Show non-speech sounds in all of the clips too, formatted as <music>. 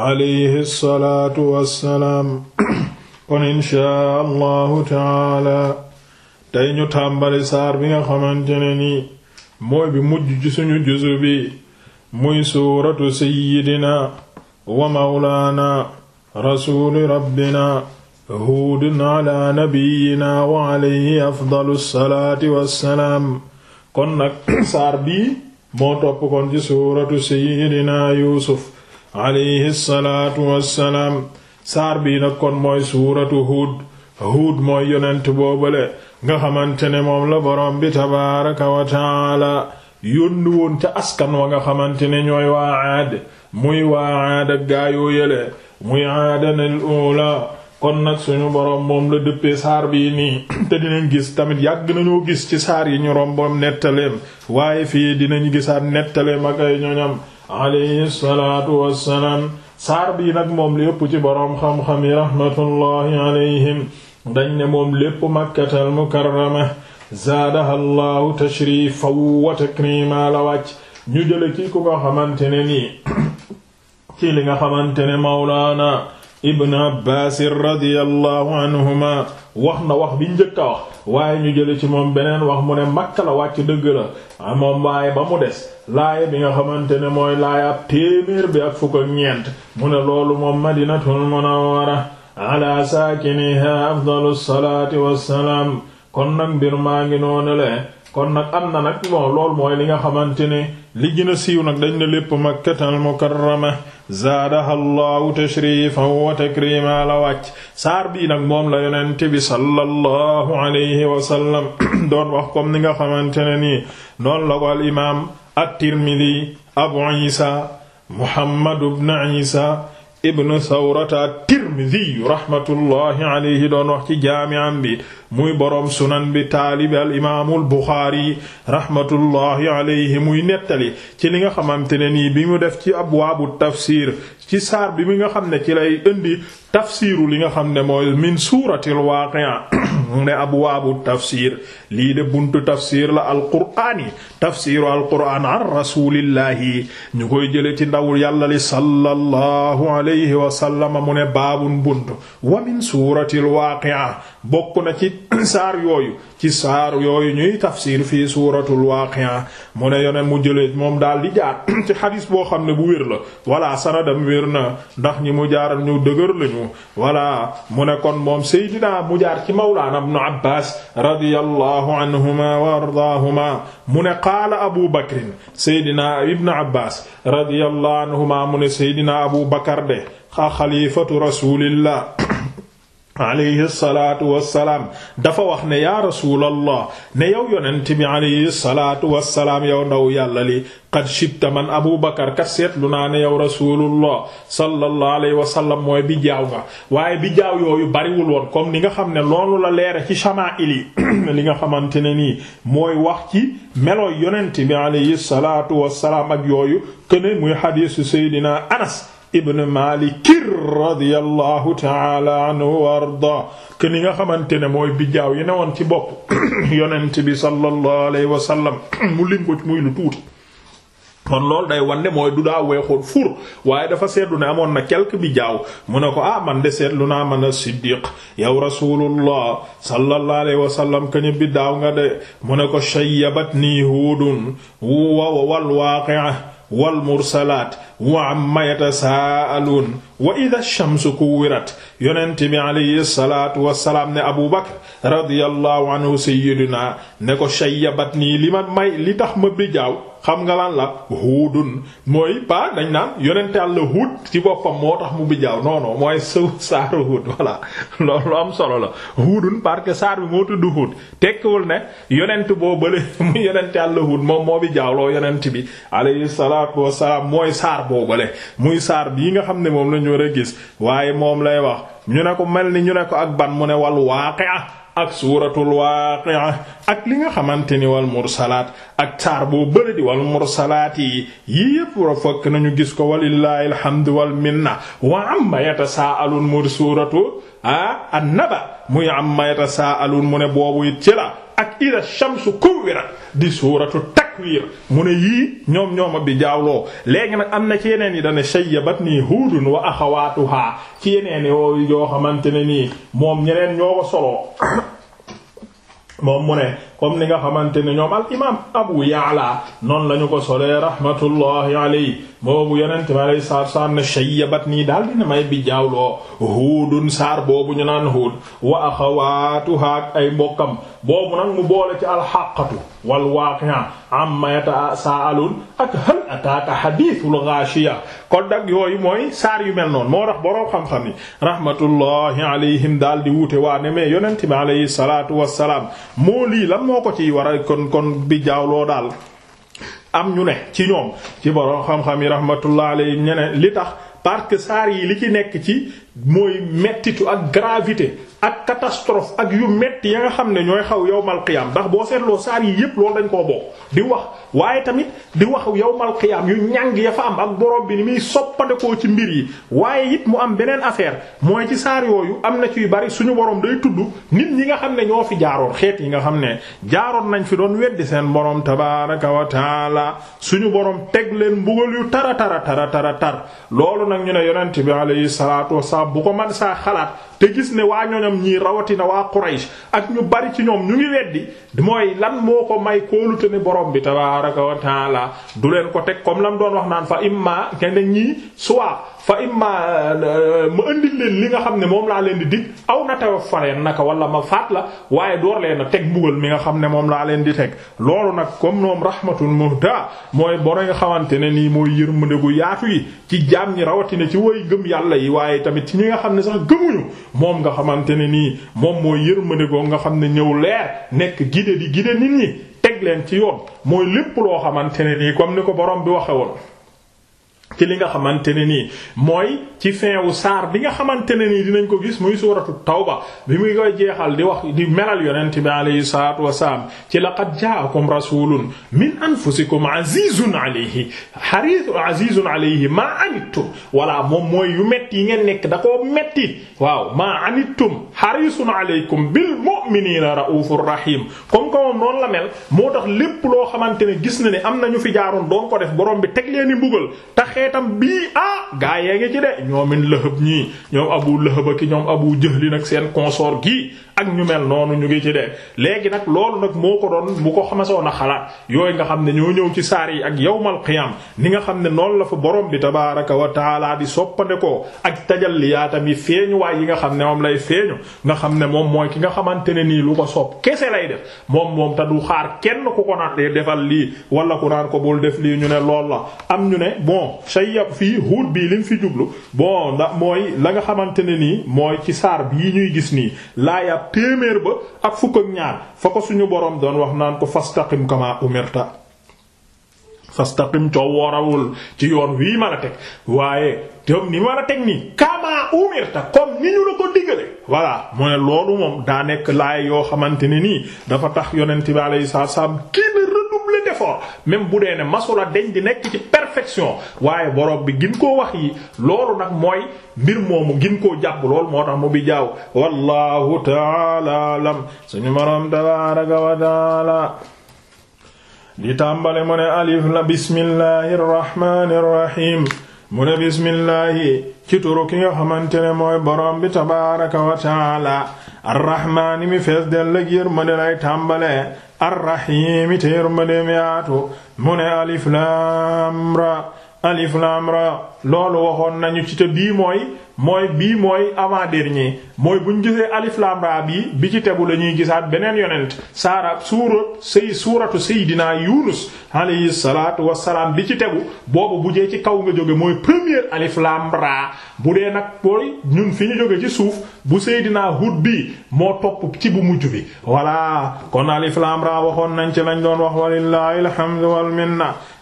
alayhi salaatu wassalaam <coughs> kon inchaa allahu taala tey ñu tàmbali saar bi nga xamante ne ni mooy bi mujj ci suñu bi muy suuratu sayyidina wa mawlaana rasuuli rabbina huudin ala nabiyina wa alayhi afdalu salaati wassalaam kon nag <coughs> saar bi moo topp kon ci suuratu sayyidina yuusuf alayhi salaatu saar bii nag kon mooy suuratu Huud Huud mooy yonent boobale nga xamante ne moom la borom bi tabaaraka wa taala yónni woon ca askan wa nga xamante ne ñooy waa Aad muy waa Aad ak gaayoo yele muy aadanal ula kon nag suñu borom moom la dëppee saar bii nii <clears throat> te dinañ gis tamit yàgg nañoo gis ci saar yi ñu rombom nettaleem waaye fii dinañ gisaat nettaleem ak ay ñoñam alayhi salaatu wassalaam saar bii nag moom li ëpp ci boroom xam-xam yi rahmatullahi alayhim dañ ne moom lépp makkatal mukarrama zaadaha llahu tashrifan wa takrima la wàcc ñu jële ci ku nga xamante ne nii <coughs> ci li nga xamante ne mawlaana ibn abbaasir radiyallahu anhuma wax na wax bi njëkk a wax waaye ñu jële ci moom beneen wax mu ne Makka la wàcc dëgg la ah, moom waaye ba mu des laaya bi nga xamante ne mooy laaya ab bi ak fukk ak ñeent mu ne loolu moom Madinatul Munawwara ala saakiniha afdalu salaati wassalaam kon nag mbir maa ngi noonu le kon nag am na nag moo loolu mooy li nga xamante ne li gën a siiw nag dañ lépp makkatal mukarrama zaadaha allahu tashrifan wa takrima la wàcc saar bii nag moom la yonente bi sallallahu alayhi wasallam <coughs> doon wax comme ni nga xamante ne nii noonu la ko al imaam at abu isa muhammad ibn isa ibn sawrata tirmidi rahmatullahi alayhi doon wax ci jaami'am bi muy boroom sunan bi taalibi al imaamul buxaari rahmatullahi alayhi muy nettali ci li nga xamante ne nii bi mu def ci abwaabu tafsir ci saar bi mi nga xam ne ci lay indi tafsiru li nga xam ne mooy min suuratil waaqi'a mu ne abwaabu tafsir lii de buntu tafsir la alqur'aani tafsiru alqur'aan an rasulillahi ñu koy jële ci ndawul yàlla li sallallahu alayhi wa sallama mu ne baabu buntu wa min suuratil waaqi'a bokk na ci saar yooyu ci saar yooyu ñuy tafsir fi suuratul waaqi'a mu ne yone mu jëlee moom daal di jaar <coughs> ci xadis boo xam ne bu wér la walla sanadam wér na ndax ñi mu jaar ñu dëgër lañu walla mu ne kon moom seydinaa mu jaar ci mawlaana ibnu abbas radiyallahu anhuma wa ardaahuma mu ne qaala abu bakrin seydina ibnu abbas radiyallahu anhuma mu ne seydina abu bakar de xalifatu rasulillah alayhi salaatu wassalaam dafa wax ne yaa rasuulallah ne yow yonent bi alayhi salaatu wassalaam yow ndaw yàlla li qad shibta man abu bakar kat seetlu naa ne yow rasulullah sallallahu alayhi wa sallam mooy bi jaaw nga waaye bi jaaw yooyu bariwul woon comme li nga xam ne loolu la leere ci shamaa'il <clears throat> li nga xamante ne nii mooy wax ci melooy yonent bi alayhi salaatu wassalaam ak yooyu këne muy xadiisu seydina anas ibn malikir radiyallahu taala anhu wa arda ke nga xamante ne mooy bijaaw yi ne woon ci bopp <coughs> yonent bi sallallahu alayhi wa sallam <coughs> mu lim tuuti kon loolu day wan mooy du daa weexoon fur waaye dafa seetlu na amoon na quelque bi jaaw mu ne ko ah man de seetlu naa man a siddiq yow rasulullah sallallahu alayhi wa sallam ka ñu bi daaw nga de mu ne ko shayyabat nii huudun wa wal waaqi'a wal mursalaat wa amma yatasaaluun wa idha shamsu kuwirat yonent bi alayhi salaatu wassalaam ne Abu Bakr radiyallahu anhu sayyidina ne ko shayyabatni li ma may li tax ma jaaw xam nga lan la huudun mooy pa dañ naan yonent Yàlla Huud ci boppam moo tax mu bijaaw non non mooy sëw saaru Huud voilà <laughs> am solo la huudun parce que saar bi moo tudd Huud tekkiwul ne yonent boo bële <laughs> mu yonent Yàlla Huud moom moo bijaaw loo yonent bi alayhi salaatu wassalaam mooy saar boo bële muy saar bii nga xam ne moom lañu war a gis waaye moom lay wax ñu ne ko mel ni ñu ne ko ak ban mu ne wal waaqi'a ak suuratul waaqi'a ak li nga xamante ni wal mursalaat ak saar boo bëri di wal mursalaat yi yii yëpp war a fokk nañu gis ko walillahi alhamdu wal minna wa amma yatasaalun mu suuratu ah annaba muy amma yatasaalun mu ne boobu it la ak ida shamsu kuwwirat di suuratu takwiir mu ne yii ñoom ñooma bi jaawloo léegi nag am na ci yeneen yi dane shayyabat nii huudun wa axawaatuhaa ci yeneen yi yoo xamante ne nii moom ñeneen ñoo ko soloo moom mu ne comme ni nga xamante ne ñoom al imaam Abu Ya'la noonu lañu ko solee rahmatullahi alayhi boobu yonent ma lay saar saar ne shayyabat nii daal dina may bi jaawloo huudun saar boobu ñu naan huud wa axawaatuha ak ay mbokkam boobu nag mu boole ci alxaqatu wal waaqi'a amma yatasaalun ak hal ataaka xadiisul gaashiya kon nag yooyu mooy saar yu mel noonu moo tax boroom xam-xam ni rahmatullahi alayhim daal di wuute waa ne mais yonent bi alayhi salaatu wassalaam moo lii lan moo ko ciy waral kon kon bi jaawloo daal am ñu ne ci ñoom ci borom xam-xam yi rahmatullah alayhi ñeneen li tax parce que saar yi li ci nekk ci mooy mettitu ak gravité ak catastrophe ak yu metti ya nga xam ne ñooy xaw yowmal qiyaam ndax boo seetloo saar yi yépp lool dañ koo bokk di wax waaye tamit di wax yowmal qiyaam yu ñàng ya fa am ak borom bi ni muy soppandekoo ci mbir yi waaye it mu am beneen affaire mooy ci saar yooyu am na ci bari suñu boroom day tudd nit ñi nga xam ne ñoo fi jaaroon xeet yi nga xam ne jaaroon nañ fi doon weddi seen borom tabaaraka wa taala suñu boroom teg leen mbugal yu tara tara tara tara tar loolu nag bu ko man saa xalaat te gis ne waa ñoñam ñii rawatina waa Quraysh ak ñu bari ci ñoom ñu ngi weddi mooy lan moo ko may kóolute ne borom bi tabaaraka wa laa du leen ko teg comme lam doon wax naan fa imma kenn ñii soit fa imma euh, ma leen li nga xam ne moom laa leen di dig aw na tawa faleen naka wala ma faat la waaye door leen a teg mbugal mi nga xam ne moom laa leen di teg loolu nag comme noom rahmatul muhda mooy boro nga xamante ne nii mooy yërmande bu yaatu yi ci jaam ñi rawatina ci woy gëm yàlla yi waaye tamit ci ñi nga xam ne sax gëmuñu moom nga xamante ne nii moom mooy yërmande goo nga xam ne ñëw leer nekk gide di gide nit ñi teg leen ci yoon mooy lépp loo xamante ne nii comme ni ko borom bi waxe woon ci li nga xamante ne nii mooy ci fin wu saar bi nga xamante ne nii dinañ ko gis muy suuratu tawba bi muy koy jeexal di wax di melal yonent bi alayhi salaatu wasalaam ci laqad jaakum rasulun min anfusikum azizun alayhi hariis azizun alayhi maa anittum walla moom mooy yu metti yi ngeen nekk da koo metti waaw maa anittum hariisun alaykum bil mu'minina raufur rahim noonu la mel moo tax lépp loo xamante ne gis na ni am na ñu fi jaaroon doon ko def boroom bi teg leen i mbugal te xeetam bii ah gaa yee ngi ci de ñoomin lahëb ñii ñoom abu lahëb ki ñoom abu jëhlin ak seen consoor gi ak ñu mel noonu ñu ngi ci de léegi nag loolu nag moo ko doon bu ko xamasoon a xalaat yooyu nga xam ne ñoo ñëw ci saar yi ak yawmal qiyam ni nga xam ne noonu la fa borom bi tabaaraka wa taala di soppande ko ak tajalliyaatam yi feeñu waay yi nga xam ne moom lay feeñu nga xam ne moom mooy ki nga xamante ne nii lu ko sopp kese lay def moom moom te du xaar kenn ku ko naan defal lii wala ku naan ko bul def lii ñu ne lool la am ñu ne bon say yab fii huut bii lim fi jublu bon ndax mooy la nga xamante ne nii mooy ci saar bii ñuy gis nii laaya téeméer ba ak fukk ak ñaar fa ko suñu boroom doon wax naan ko fastaqim kama umirta fastaqim coow woorawul ci yoon wii ma la teg waaye tam ni ma la teg nii kama umirta comme ni ñu la ko digale voilà mu ne loolu moom daa nekk laay yoo xamante ni nii dafa tax yonent bi alayhi salaam kii ne redoubler d'effort même bu dee ne masula deñ di nekk ci perfection waaye borom bi gin koo wax yi loolu nag mooy mbir moomu gin koo jàpp lool moo tax mu bi jaaw wallahu taala alam suñu borom tabaraka wa taala di tàmbale mu alif la bismillahi rrahmani rrahim ki nga xamante ne mooy bi tabaraka mi fees del lëg yër më ne arrahimi téer ma dem yaatu mu ne alif lam ra alif lam ra loolu waxoon nañu ci te bii mooy mooy bii mooy avant dernier mooy bu ñu gisee alif lam bii bi ci tebu la ñuy gisaat beneen yonent saara suurat say suuratu seydinaa yunus alayhi salaatu wassalaam bi ci tegu boobu bu jee ci kaw nga jóge mooy premier alif lam bu dee nag booy ñun fi ñu jóge ci suuf bu seydinaa hud bi moo topp ci bu mujj bi voilà kon alif lam waxoon nañ ci lañ doon wax walillahi alhamdu wal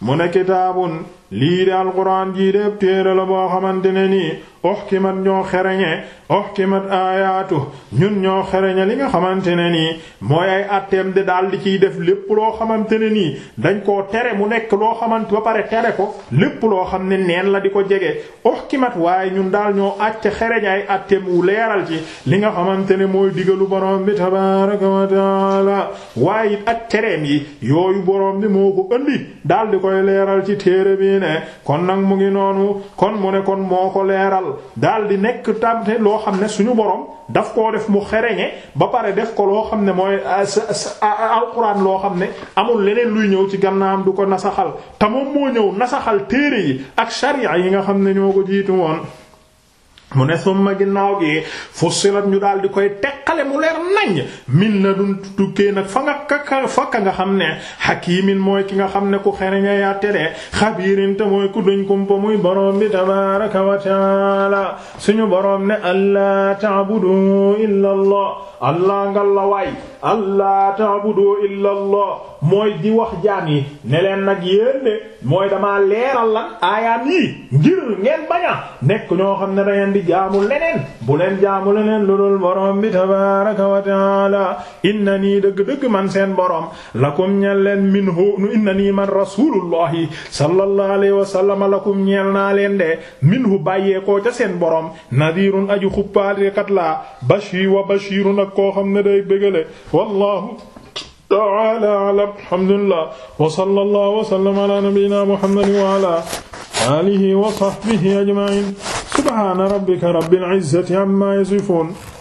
mu ne kitaabun lii de alxuraan jii de téere la boo xamante ne nii uhkimat ñoo xereñe uhkimat aayaatu ñun ñoo xereñe li nga xamante ne nii mooy ay atteem de daal di ciy def lépp loo xamante ne nii dañ koo tere mu nekk loo xamante ba pare tere ko lépp loo xam ne neen la di ko jege uhkimat waaye ñun daal ñoo àcc xereñ ay atteem wu leeral ci li nga xamante ne mooy digalu borom bi tabaaraka wa taala waaye it ak tereem yi yooyu borom bi moo ko andi daal koy leeral ci téere bi ne kon nag mu ngi noonu kon mu ne kon moo ko leeral daal di nekk tamte loo xam ne suñu borom daf koo def mu xereñe ba pare def ko loo xam ne mooy euh, alquran loo xam ne amul leneen luy ñëw ci gannaam du ko nasaxal te moo ñëw nasaxal téere yi ak sharia yi nga xam ne ñoo ko jiitu woon mu ne summa ginnaaw gi fussilat ñu daal di koy teg jàngale mu leer nañ min la dun nga kaka fakka nga xam ne ki nga xam ne ku xereña yattere xabirin te mooy ku duñ kumpa muy borom bi tabaraka wa taala suñu borom ne allah ta'budu illa allah allah ngal la waay allah ta'budu illa allah mooy di wax jaam yi ne leen nag yéen de mooy damaa leeral lan aayaam yi ngir ngeen baña nekk ñoo xam ne da di jaamu leneen bu leen jaamu leneen lu dul borom bi tabaraka tabaaraka wa taala inna nii dëgg-dëgg man seen borom lakum ñeel leen minhu inna nii man rasulullahi sallallahu alayhi wa sallam lakum ñeel naa leen de minhu bàyyeekoo ca seen borom nadirun aju xuppaalekat laa bashir wa bashirun ak koo xam ne day bégale wallahu ta'ala a'lam alhamdulillah wa sallallahu wa sallama ala nabiyyina muhammadin wa ala alihi wa sahbihi ajma'in subhana rabbika rabbil izzati amma yasifun